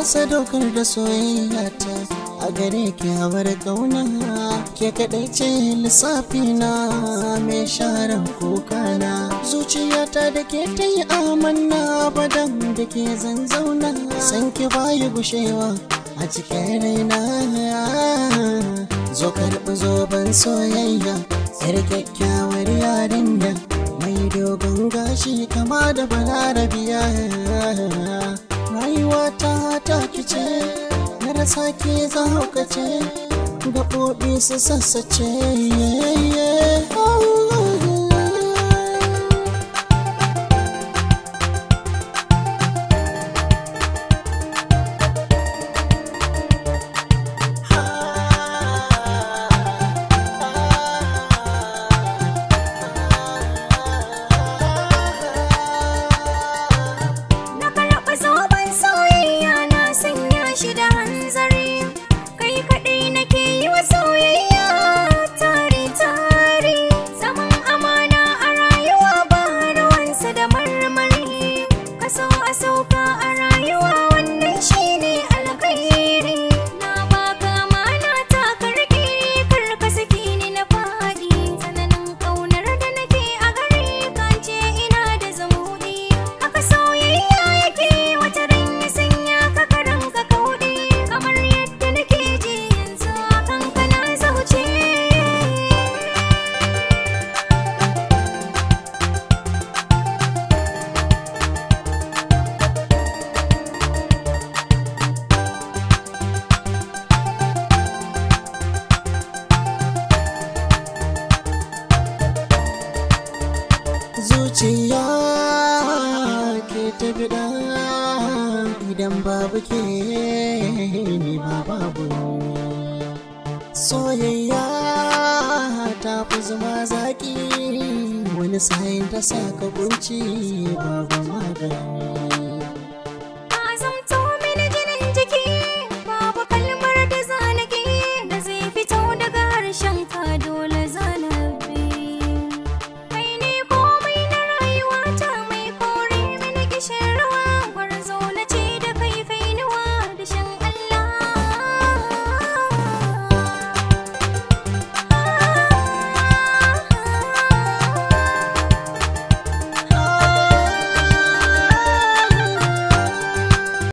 na sadaukar da soyayya ta a gare ki hawar kauna ke kaɗai ce lissafi na mai sharan na? zuciyata da ke ta yi amanna badan da ke zanzauna san ki bayi gushewa a cikin raina zo karɓi zoben soyayya yar kyakkyawar yarinya mai dogon gashi kama da balarabiya ka sake za haukace gaɓoɓi su sassace sorry. gida idan babu ke ni ba babu soyayya ta fi zama zaƙi wani sayin ta sa ka kunci babu magani